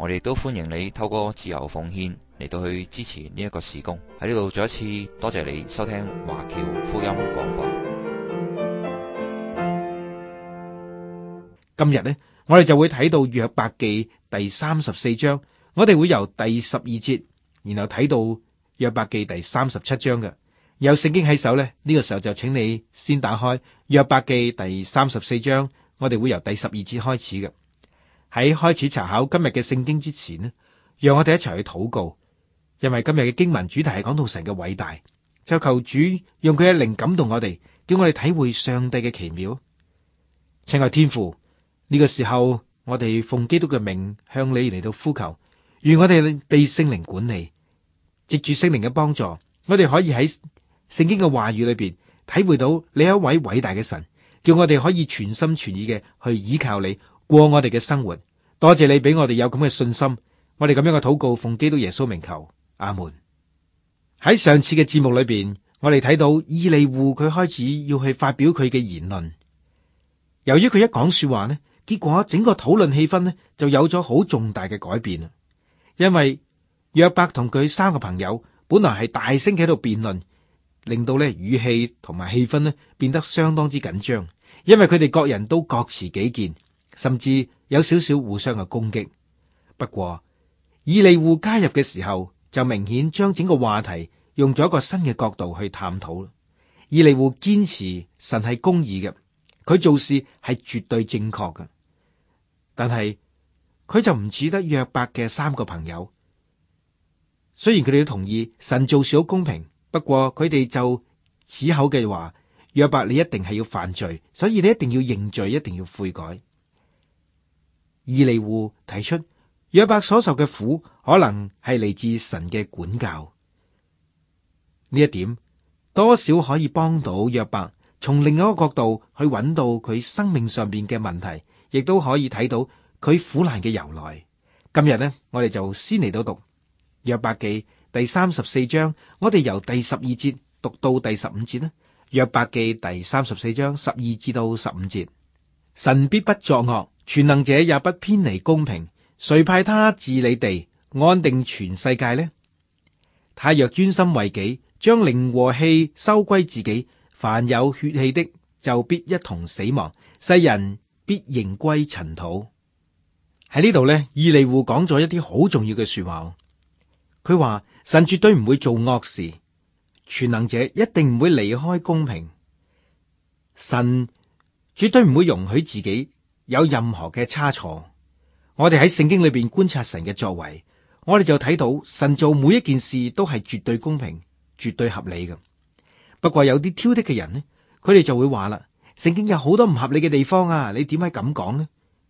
我哋都歡迎你透過自由奉獻嚟到去支持呢一個事工。喺呢度再一次多謝你收聽華僑福音廣播。今日呢，我哋就會睇到約伯記第三十四章，我哋會由第十二節，然後睇到約伯記第三十七章嘅。有聖經喺手呢，呢個時候就請你先打開約伯記第三十四章，我哋會由第十二節開始嘅。喺開始查考今日嘅聖經之前呢，讓我哋一齊去禱告，因為今日嘅經文主題係講到神嘅偉大，就求主用佢嘅靈感動我哋，叫我哋體會上帝嘅奇妙。請愛天父，呢個時候我哋奉基督嘅命向你嚟到呼求，願我哋被聖靈管理，藉住聖靈嘅幫助，我哋可以喺聖經嘅話語裏邊體會到你一位偉大嘅神，叫我哋可以全心全意嘅去依靠你，過我哋嘅生活，多謝你俾我哋有咁嘅信心。我哋咁樣嘅禱告，奉基督耶穌名求，阿門。喺上次嘅節目裏邊，我哋睇到伊利戶佢開始要去發表佢嘅言論。由於佢一講說話呢，結果整個討論氣氛呢就有咗好重大嘅改變。因為約伯同佢三個朋友本來係大聲喺度辯論，令到咧語氣同埋氣氛呢變得相當之緊張，因為佢哋各人都各持己見。甚至有少少互相嘅攻擊。不過以利戶加入嘅時候，就明顯將整個話題用咗一個新嘅角度去探討啦。以利戶堅持神係公義嘅，佢做事係絕對正確嘅。但係佢就唔似得約伯嘅三個朋友。雖然佢哋都同意神做事好公平，不過佢哋就此口嘅話：約伯，你一定係要犯罪，所以你一定要認罪，一定要悔改。以利戶提出，約伯所受嘅苦可能係嚟自神嘅管教，呢一點多少可以幫到約伯，從另一個角度去揾到佢生命上邊嘅問題，亦都可以睇到佢苦難嘅由來。今日呢，我哋就先嚟到讀約伯記第三十四章，我哋由第十二節讀到第十五節啦。約伯記第三十四章十二至到十五節，神必不作惡。全能者也不偏離公平，誰派他治理地，安定全世界呢？他若專心為己，將靈和氣收歸自己，凡有血氣的就必一同死亡，世人必仍歸塵土。喺呢度呢，伊利戶講咗一啲好重要嘅說話。佢話神絕對唔會做惡事，全能者一定唔會離開公平，神絕對唔會容許自己，有任何嘅差錯，我哋喺聖經裏邊觀察神嘅作為，我哋就睇到神做每一件事都係絕對公平、絕對合理嘅。不過有啲挑剔嘅人呢，佢哋就會話啦：聖經有好多唔合理嘅地方啊！你點解咁講呢？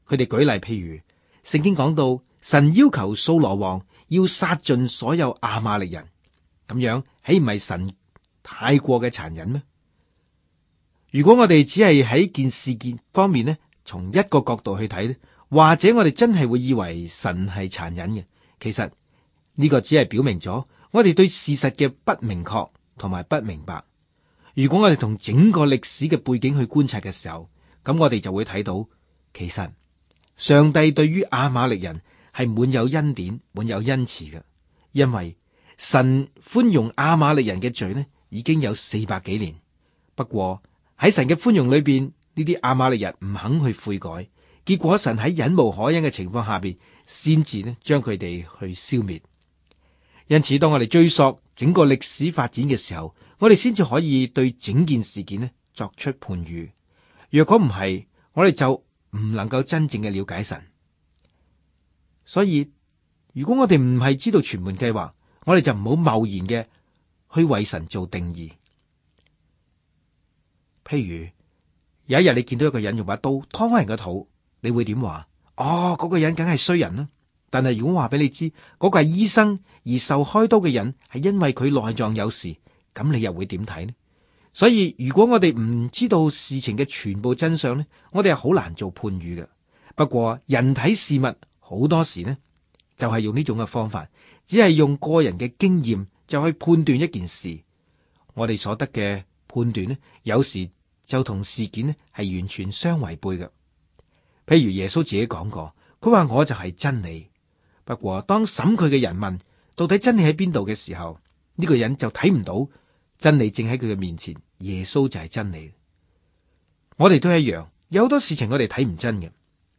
佢哋舉例譬如，聖經講到神要求掃羅王要殺盡所有亞瑪力人，咁樣豈唔係神太過嘅殘忍咩？如果我哋只係喺件事件方面呢？從一個角度去睇咧，或者我哋真係會以為神係殘忍嘅。其實呢個只係表明咗我哋對事實嘅不明確同埋不明白。如果我哋同整個歷史嘅背景去觀察嘅時候，咁我哋就會睇到，其實上帝對於亞瑪力人係滿有恩典、滿有恩慈嘅。因為神寬容亞瑪力人嘅罪呢，已經有四百幾年。不過喺神嘅寬容裏邊。呢啲亞瑪力人唔肯去悔改，結果神喺忍無可忍嘅情況下邊，先至咧將佢哋去消滅。因此，當我哋追溯整個歷史發展嘅時候，我哋先至可以對整件事件咧作出判語。若果唔係，我哋就唔能夠真正嘅了解神。所以，如果我哋唔係知道全盤計劃，我哋就唔好貿然嘅去為神做定義。譬如，有一日你見到一個人用把刀劏人嘅肚，你會點話？哦，嗰個人梗係衰人啦。但係如果話俾你知嗰個係醫生，而受開刀嘅人係因為佢內臟有事，咁你又會點睇呢？所以如果我哋唔知道事情嘅全部真相呢，我哋係好難做判語嘅。不過人體事物好多時呢，就係用呢種嘅方法，只係用個人嘅經驗就去判斷一件事。我哋所得嘅判斷呢，有時。就同事件呢，係完全相違背嘅。譬如耶穌自己講過，佢話我就係真理。不過當審佢嘅人問到底真理喺邊度嘅時候，呢個人就睇唔到真理正喺佢嘅面前。耶穌就係真理。我哋都一樣，有好多事情我哋睇唔真嘅。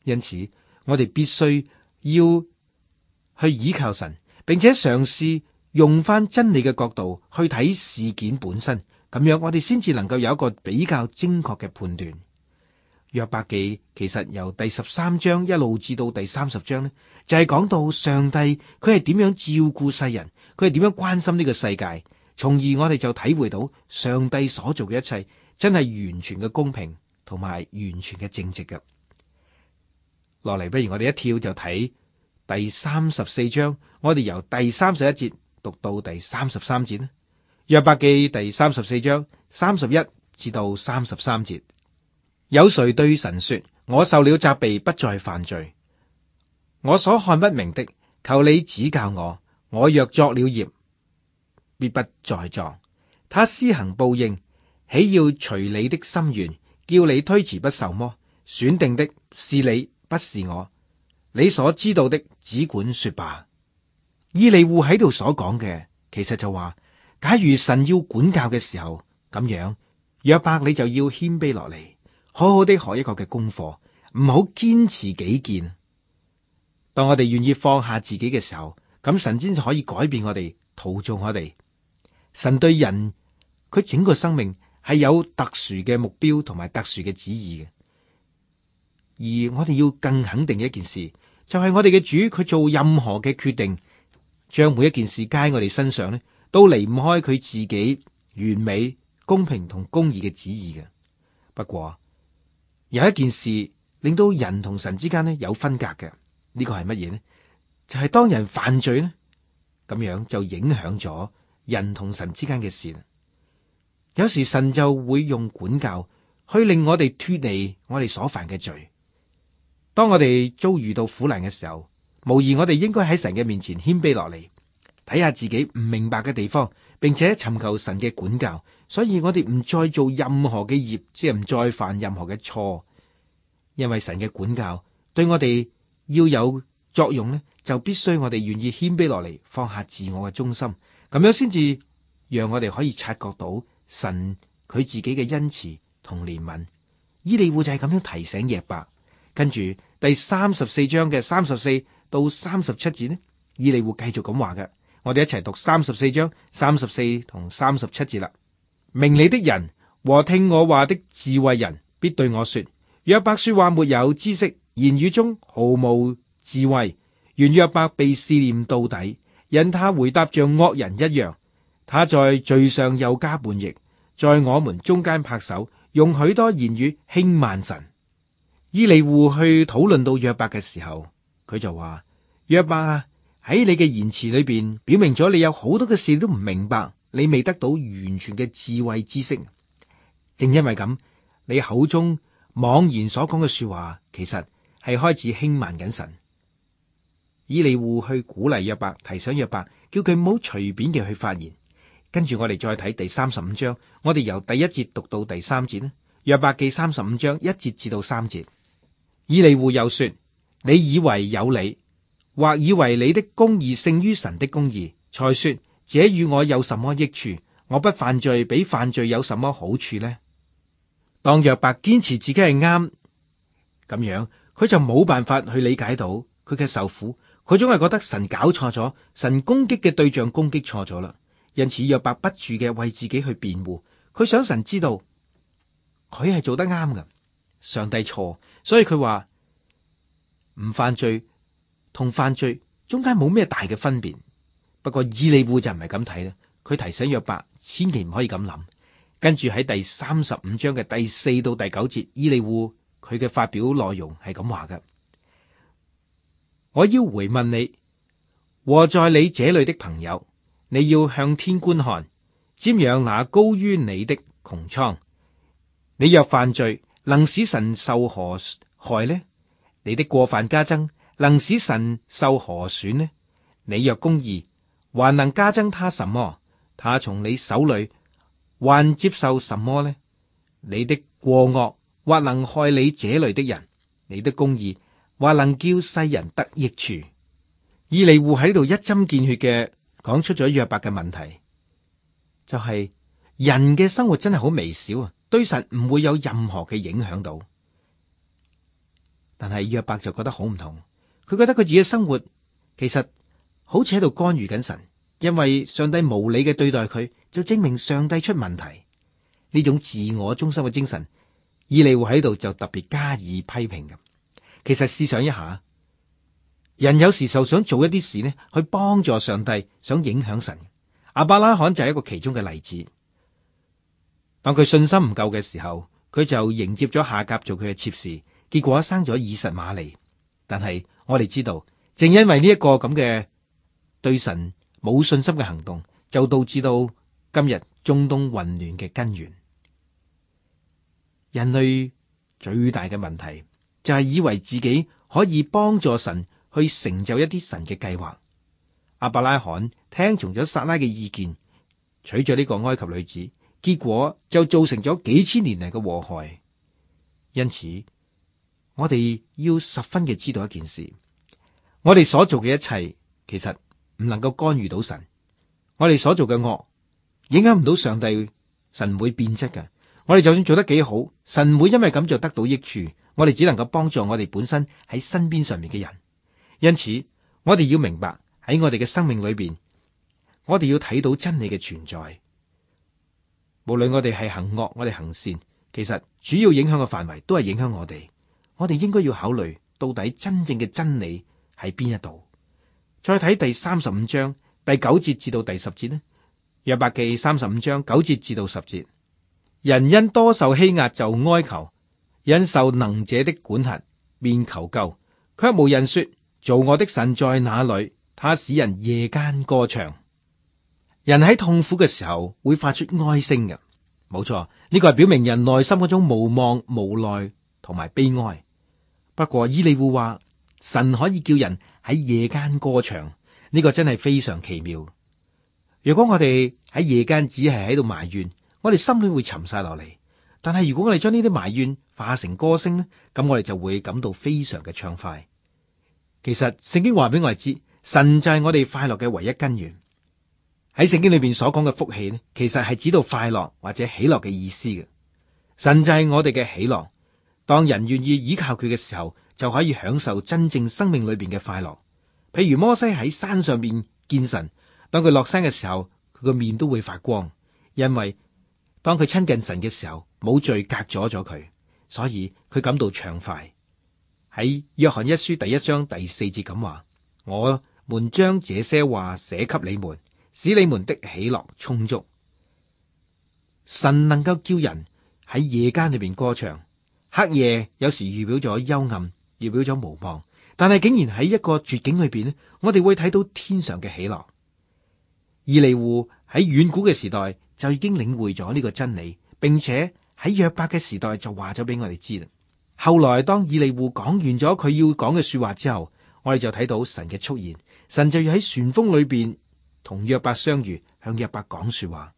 因此，我哋必須要去倚靠神，並且嘗試用翻真理嘅角度去睇事件本身。咁樣，我哋先至能夠有一個比較精確嘅判斷。約伯記其實由第十三章一路至到第三十章呢，就係講到上帝佢係點樣照顧世人，佢係點樣關心呢個世界，從而我哋就體會到上帝所做嘅一切真係完全嘅公平同埋完全嘅正直嘅。落嚟，不如我哋一跳就睇第三十四章，我哋由第三十一節讀到第三十三節咧。約伯記第三十四章三十一至到三十三節，有誰對神說：我受了責備，不再犯罪；我所看不明的，求你指教我。我若作了孽，必不再作。他施行報應，豈要隨你的心願，叫你推辭不受麼？選定的是你，不是我。你所知道的，只管說吧。以利戶喺度所講嘅，其實就話。假如神要管教嘅時候，咁樣約伯你就要謙卑落嚟，好好地學一個嘅功課，唔好堅持己見。當我哋願意放下自己嘅時候，咁神先可以改變我哋，陶造我哋。神對人佢整個生命係有特殊嘅目標同埋特殊嘅旨意嘅。而我哋要更肯定一件事，就係我哋嘅主，佢做任何嘅決定，將每一件事加喺我哋身上咧，都離唔開佢自己完美、公平同公義嘅旨意嘅。不過有一件事令到人同神之間咧有分隔嘅，這個、呢個係乜嘢咧？就係、是、當人犯罪咧，咁樣就影響咗人同神之間嘅事。有時神就會用管教去令我哋脫離我哋所犯嘅罪。當我哋遭遇到苦難嘅時候，無疑我哋應該喺神嘅面前謙卑落嚟。睇下自己唔明白嘅地方，並且尋求神嘅管教，所以我哋唔再做任何嘅業，即係唔再犯任何嘅錯，因為神嘅管教對我哋要有作用呢，就必須我哋願意謙卑落嚟，放下自我嘅中心，咁樣先至讓我哋可以察覺到神佢自己嘅恩慈同憐憫。以利戶就係咁樣提醒約伯，跟住第三十四章嘅三十四到三十七節呢，以利戶繼續咁話嘅。我哋一齊讀三十四章三十四同三十七節啦。明理的人和聽我話的智慧人，必對我說：約伯說話沒有知識，言語中毫無智慧。願約伯被試煉到底，引他回答像惡人一樣。他在罪上又加悖逆，在我們中間拍手，用許多言語輕慢神。伊利戶去討論到約伯嘅時候，佢就話：約伯啊！喺你嘅言辭裏邊，表明咗你有好多嘅事都唔明白，你未得到完全嘅智慧知識。正因為咁，你口中妄言所講嘅說話，其實係開始輕慢緊神。以利戶去鼓勵約伯，提醒約伯，叫佢唔好隨便嘅去發言。跟住我哋再睇第三十五章，我哋由第一節讀到第三節啦。約伯記三十五章一節至到三節。以利戶又說：你以為有理？或以為你的公義勝於神的公義，才說這與我有什麼益處？我不犯罪，比犯罪有什麼好處呢？當約伯堅持自己係啱，咁樣，佢就冇辦法去理解到佢嘅受苦。佢總係覺得神搞錯咗，神攻擊嘅對象攻擊錯咗啦。因此約伯不住嘅為自己去辯護，佢想神知道佢係做得啱㗎，上帝錯，所以佢話唔犯罪。同犯罪中間冇咩大嘅分別，不過伊利戶就唔係咁睇啦。佢提醒約伯，千祈唔可以咁諗。跟住喺第三十五章嘅第四到第九節，伊利戶佢嘅發表內容係咁話嘅：我要回問你和在你這裏的朋友，你要向天觀看，瞻仰那高於你的穹蒼。你若犯罪，能使神受何害呢？你的過犯加增。能使神受何損呢？你若公義，還能加增他什麼？他從你手裏還接受什麼呢？你的過惡或能害你這類的人，你的公義或能叫世人得益處。以利戶喺度一針見血嘅講出咗約伯嘅問題，就係、是、人嘅生活真係好微小啊，對神唔會有任何嘅影響到，但係約伯就覺得好唔同。佢覺得佢自己嘅生活其實好似喺度干預緊神，因為上帝無理嘅對待佢，就證明上帝出問題。呢種自我中心嘅精神，以利戶喺度就特別加以批評噉。其實試想一下，人有時就想做一啲事呢，去幫助上帝，想影響神。亞伯拉罕就係一個其中嘅例子。當佢信心唔夠嘅時候，佢就迎接咗夏甲做佢嘅妾侍，結果生咗以實瑪利。但係。我哋知道，正因為呢一個咁嘅對神冇信心嘅行動，就導致到今日中東混亂嘅根源。人類最大嘅問題就係、是、以為自己可以幫助神去成就一啲神嘅計劃。亞伯拉罕聽從咗撒拉嘅意見，娶咗呢個埃及女子，結果就造成咗幾千年嚟嘅禍害。因此。我哋要十分嘅知道一件事，我哋所做嘅一切其實唔能夠干預到神，我哋所做嘅惡影響唔到上帝，神唔會變質嘅。我哋就算做得幾好，神唔會因為咁就得到益處。我哋只能夠幫助我哋本身喺身邊上面嘅人。因此，我哋要明白喺我哋嘅生命裏邊，我哋要睇到真理嘅存在。無論我哋係行惡，我哋行善，其實主要影響嘅範圍都係影響我哋。我哋應該要考慮到底真正嘅真理喺邊一度？再睇第三十五章第九節至到第十節呢，《約伯記》三十五章九節至到十節，人因多受欺壓就哀求，因受能者的管轄便求救，卻無人說，造我的神在哪裏？他使人夜間歌唱。人喺痛苦嘅時候會發出哀聲嘅，冇錯，呢、這個係表明人內心嗰種無望、無奈同埋悲哀。不過，以利戶話神可以叫人喺夜間歌唱，呢、這個真係非常奇妙。如果我哋喺夜間只係喺度埋怨，我哋心裏會沉晒落嚟。但係如果我哋將呢啲埋怨化成歌聲咧，咁我哋就會感到非常嘅暢快。其實聖經話俾我哋知，神就係我哋快樂嘅唯一根源。喺聖經裏邊所講嘅福氣咧，其實係指到快樂或者喜樂嘅意思嘅。神就係我哋嘅喜樂。當人願意依靠佢嘅時候，就可以享受真正生命裏邊嘅快樂。譬如摩西喺山上面見神，當佢落山嘅時候，佢個面都會發光，因為當佢親近神嘅時候，冇罪隔阻咗佢，所以佢感到暢快。喺約翰一書第一章第四節咁話：我們將這些話寫給你們，使你們的喜樂充足。神能夠叫人喺夜間裏邊歌唱。」黑夜有時預表咗幽暗，預表咗無望，但係竟然喺一個絕境裏邊咧，我哋會睇到天上嘅喜樂。以利戶喺遠古嘅時代就已經領會咗呢個真理，並且喺約伯嘅時代就話咗俾我哋知啦。後來當以利戶講完咗佢要講嘅說話之後，我哋就睇到神嘅出現，神就要喺旋風裏邊同約伯相遇，向約伯講說話。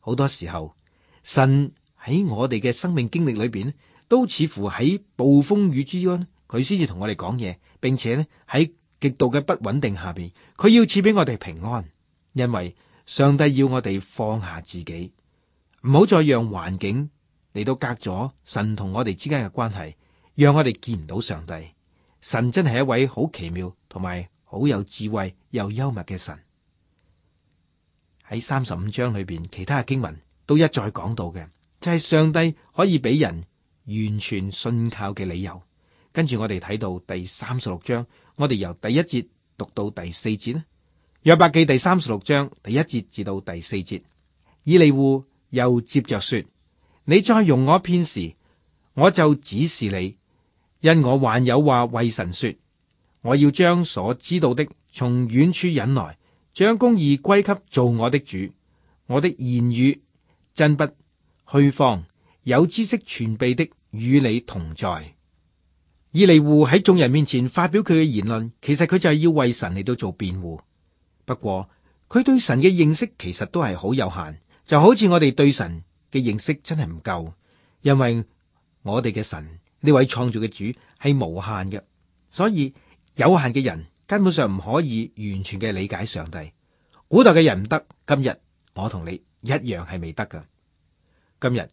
好多時候，神喺我哋嘅生命經歷裏邊。都似乎喺暴風雨之中，佢先至同我哋講嘢，並且呢，喺極度嘅不穩定下邊，佢要賜俾我哋平安，因為上帝要我哋放下自己，唔好再讓環境嚟到隔咗神同我哋之間嘅關係，讓我哋見唔到上帝。神真係一位好奇妙同埋好有智慧又幽默嘅神。喺三十五章裏邊，其他嘅經文都一再講到嘅，就係、是、上帝可以俾人。完全信靠嘅理由，跟住我哋睇到第三十六章，我哋由第一節讀到第四節咧。約伯記第三十六章第一節至到第四節，以利戶又接着說：你再容我片時，我就指示你，因我還有話為神說，我要將所知道的從遠處引來，將公義歸給做我的主，我的言語真不虛謊。有知識全備的與你同在。以利戶喺眾人面前發表佢嘅言論，其實佢就係要為神嚟到做辯護。不過佢對神嘅認識其實都係好有限，就好似我哋對神嘅認識真係唔夠。因為我哋嘅神呢位創造嘅主係無限嘅，所以有限嘅人根本上唔可以完全嘅理解上帝。古代嘅人唔得，今日我同你一樣係未得㗎。今日。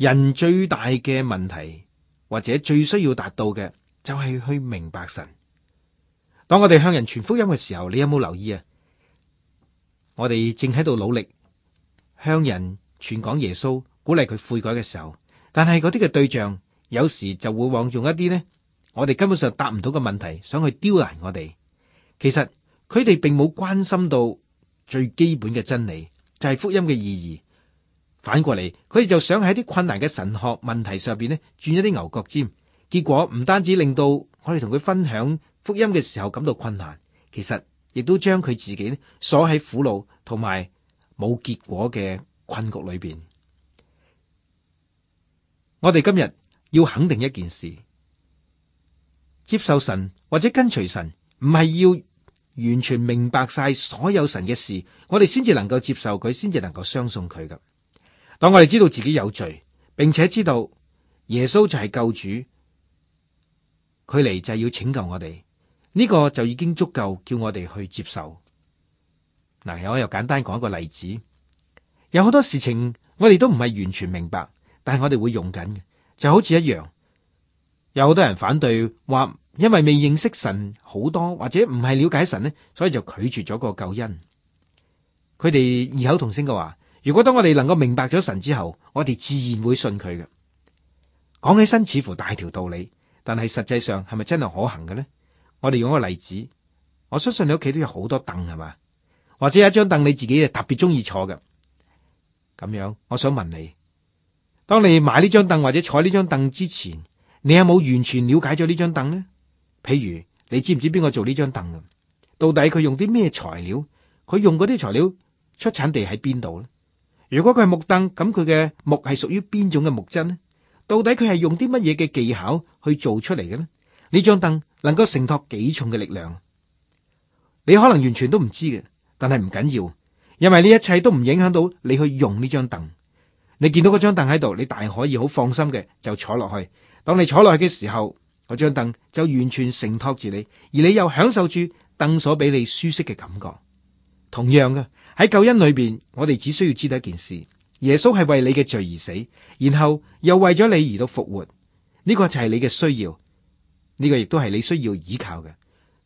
人最大嘅問題或者最需要達到嘅，就係去明白神。當我哋向人傳福音嘅時候，你有冇留意啊？我哋正喺度努力向人傳講耶穌，鼓勵佢悔改嘅時候，但係嗰啲嘅對象有時就會往用一啲呢——我哋根本上答唔到嘅問題，想去刁難我哋。其實佢哋並冇關心到最基本嘅真理，就係福音嘅意義。反過嚟，佢哋就想喺啲困難嘅神學問題上邊咧，轉一啲牛角尖。結果唔單止令到我哋同佢分享福音嘅時候感到困難，其實亦都將佢自己鎖喺苦惱同埋冇結果嘅困局裏邊。我哋今日要肯定一件事：接受神或者跟隨神，唔係要完全明白晒所有神嘅事，我哋先至能夠接受佢，先至能夠相信佢㗎。當我哋知道自己有罪，並且知道耶穌就係救主，佢嚟就係要拯救我哋，呢個就已經足夠叫我哋去接受。嗱，又我又簡單講一個例子，有好多事情我哋都唔係完全明白，但係我哋會用緊嘅，就好似一樣，有好多人反對話，因為未認識神好多或者唔係了解神咧，所以就拒絕咗個救恩。佢哋異口同聲嘅話。如果當我哋能夠明白咗神之後，我哋自然會信佢嘅。講起身似乎大條道理，但係實際上係咪真係可行嘅呢？我哋用一個例子，我相信你屋企都有好多凳係嘛，或者有一張凳你自己係特別中意坐嘅。咁樣，我想問你：當你買呢張凳或者坐呢張凳之前，你有冇完全了解咗呢張凳呢？譬如你知唔知邊個做呢張凳呀？到底佢用啲咩材料？佢用嗰啲材料出產地喺邊度呢？如果佢係木凳，咁佢嘅木係屬於邊種嘅木質呢？到底佢係用啲乜嘢嘅技巧去做出嚟嘅呢？呢張凳能夠承托幾重嘅力量？你可能完全都唔知嘅，但係唔緊要，因為呢一切都唔影響到你去用呢張凳。你見到嗰張凳喺度，你大可以好放心嘅就坐落去。當你坐落去嘅時候，嗰張凳就完全承托住你，而你又享受住凳所俾你舒適嘅感覺。同樣嘅。喺救恩裏邊，我哋只需要知道一件事：耶穌係為你嘅罪而死，然後又為咗你而到復活。呢個就係你嘅需要，呢個亦都係你需要依靠嘅。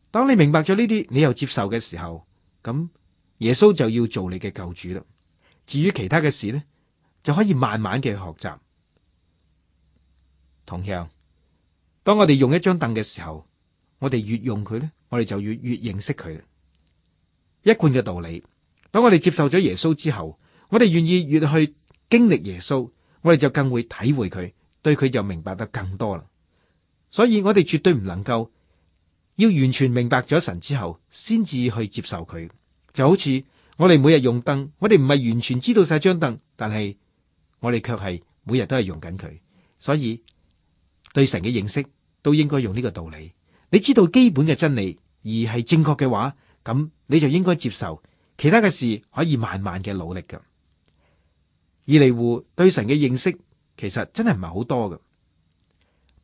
當你明白咗呢啲，你又接受嘅時候，咁耶穌就要做你嘅救主啦。至於其他嘅事呢，就可以慢慢嘅學習。同樣，當我哋用一張凳嘅時候，我哋越用佢咧，我哋就要越，越認識佢。一貫嘅道理。等我哋接受咗耶穌之後，我哋願意越去經歷耶穌，我哋就更會體會佢，對佢就明白得更多啦。所以我哋絕對唔能夠要完全明白咗神之後，先至去接受佢。就好似我哋每日用凳，我哋唔係完全知道晒張凳，但係我哋卻係每日都係用緊佢。所以對神嘅認識都應該用呢個道理。你知道基本嘅真理而係正確嘅話，咁你就應該接受。其他嘅事可以慢慢嘅努力噶。以利戶對神嘅認識其實真係唔係好多噶。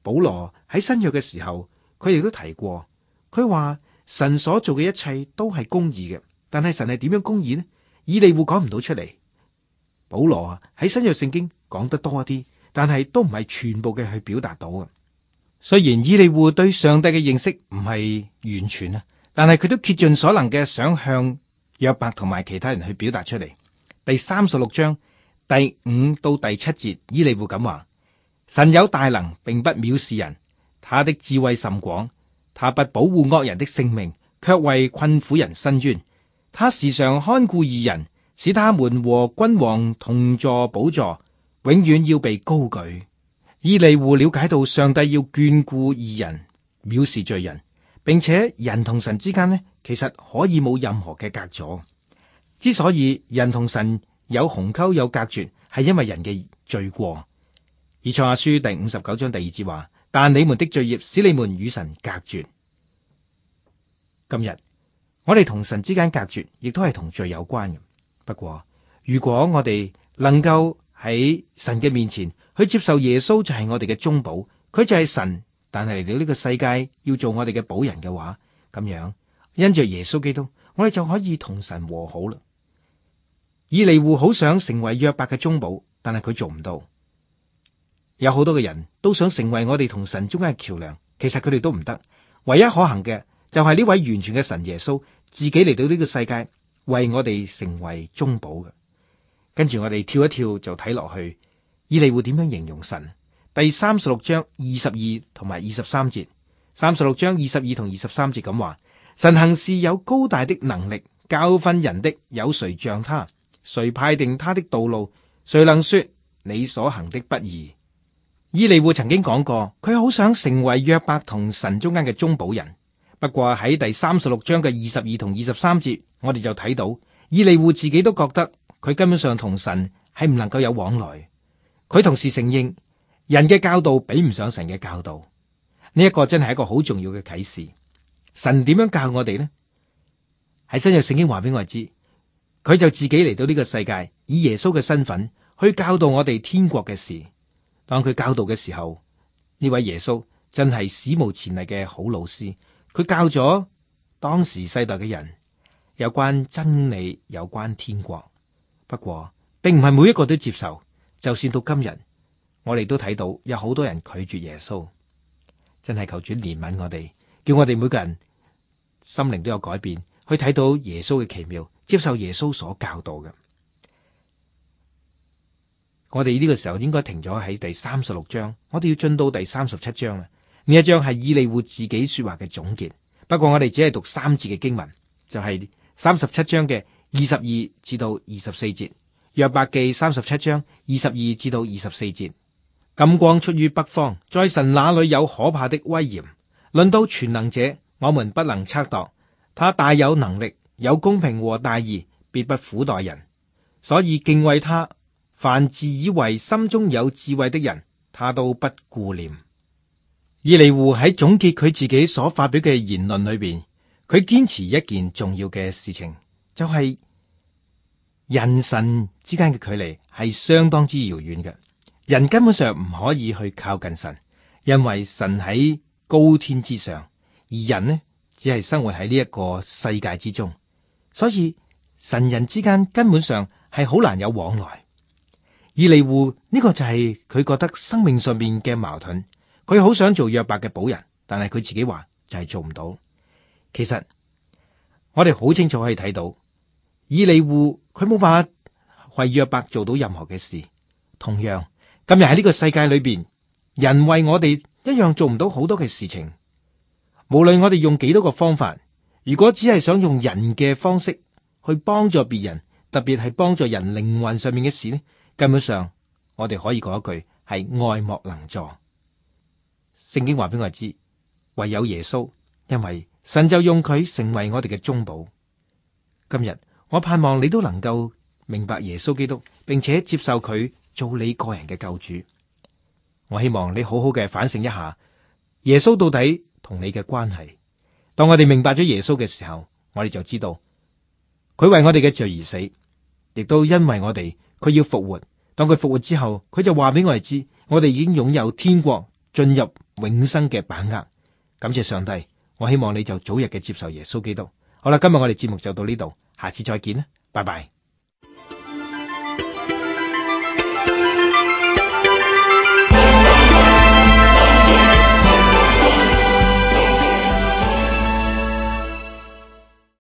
保羅喺新約嘅時候，佢亦都提過，佢話神所做嘅一切都係公義嘅，但係神係點樣公義呢？以利戶講唔到出嚟。保羅啊喺新約聖經講得多一啲，但係都唔係全部嘅去表達到嘅。雖然以利戶對上帝嘅認識唔係完全啊，但係佢都竭盡所能嘅想向。約伯同埋其他人去表達出嚟，第三十六章第五到第七節，伊利戶咁話：神有大能，並不藐視人，他的智慧甚廣，他不保護惡人的性命，卻為困苦人伸冤。他時常看顧義人，使他們和君王同坐寶座，永遠要被高舉。伊利戶了解到上帝要眷顧義人，藐視罪人。並且人同神之間呢，其實可以冇任何嘅隔阻。之所以人同神有鴻溝有隔絕，係因為人嘅罪過。而以賽亞書第五十九章第二節話：但你們的罪孽使你們與神隔絕。今日我哋同神之間隔絕，亦都係同罪有關嘅。不過如果我哋能夠喺神嘅面前去接受耶穌，就係我哋嘅中保，佢就係神。但係嚟到呢個世界要做我哋嘅保人嘅話，咁樣因住耶穌基督，我哋就可以同神和好啦。以利戶好想成為約伯嘅中保，但係佢做唔到。有好多嘅人都想成為我哋同神中間嘅橋樑，其實佢哋都唔得。唯一可行嘅就係呢位完全嘅神耶穌自己嚟到呢個世界，為我哋成為中保嘅。跟住我哋跳一跳就睇落去，以利戶點樣形容神？第三十六章二十二同埋二十三節，三十六章二十二同二十三節咁話：神行事有高大的能力，教訓人的有誰像他？誰派定他的道路？誰能說你所行的不義？伊利戶曾經講過，佢好想成為約伯同神中間嘅中保人。不過喺第三十六章嘅二十二同二十三節，我哋就睇到伊利戶自己都覺得佢根本上同神係唔能夠有往來。佢同時承認。人嘅教導比唔上神嘅教導，呢一個真係一個好重要嘅啟示。神點樣教我哋呢？喺新約聖經話俾我知，佢就自己嚟到呢個世界，以耶穌嘅身份去教導我哋天國嘅事。當佢教導嘅時候，呢位耶穌真係史無前例嘅好老師。佢教咗當時世代嘅人有關真理、有關天國。不過，並唔係每一個都接受，就算到今日。我哋都睇到有好多人拒絕耶穌，真係求主憐憫我哋，叫我哋每個人心靈都有改變，去睇到耶穌嘅奇妙，接受耶穌所教導嘅。我哋呢個時候應該停咗喺第三十六章，我哋要進到第三十七章啦。呢一章係以利戶自己說話嘅總結。不過我哋只係讀三節嘅經文，就係三十七章嘅二十二至到二十四節，約伯記三十七章二十二至到二十四節。金光出於北方，在神那裏有可怕的威嚴。論到全能者，我們不能測度，他大有能力，有公平和大義，必不苦待人，所以敬畏他。凡自以為心中有智慧的人，他都不顧念。以利戶喺總結佢自己所發表嘅言論裏邊，佢堅持一件重要嘅事情，就係、是、人神之間嘅距離係相當之遙遠嘅。人根本上唔可以去靠近神，因為神喺高天之上，而人呢只係生活喺呢一個世界之中，所以神人之間根本上係好難有往來。以利戶呢、這個就係佢覺得生命上面嘅矛盾，佢好想做約伯嘅保人，但係佢自己話就係做唔到。其實我哋好清楚可以睇到以利戶佢冇辦法為約伯做到任何嘅事，同樣。今日喺呢個世界裏邊，人為我哋一樣做唔到好多嘅事情。無論我哋用幾多個方法，如果只係想用人嘅方式去幫助別人，特別係幫助人靈魂上面嘅事呢，根本上我哋可以講一句係愛莫能助。聖經話俾我知，唯有耶穌，因為神就用佢成為我哋嘅中保。今日我盼望你都能夠明白耶穌基督，並且接受佢。做你個人嘅救主，我希望你好好嘅反省一下耶穌到底同你嘅關係。當我哋明白咗耶穌嘅時候，我哋就知道佢為我哋嘅罪而死，亦都因為我哋佢要復活。當佢復活之後，佢就話俾我哋知，我哋已經擁有天國、進入永生嘅把握。感謝上帝，我希望你就早日嘅接受耶穌基督。好啦，今日我哋節目就到呢度，下次再見啦，拜拜。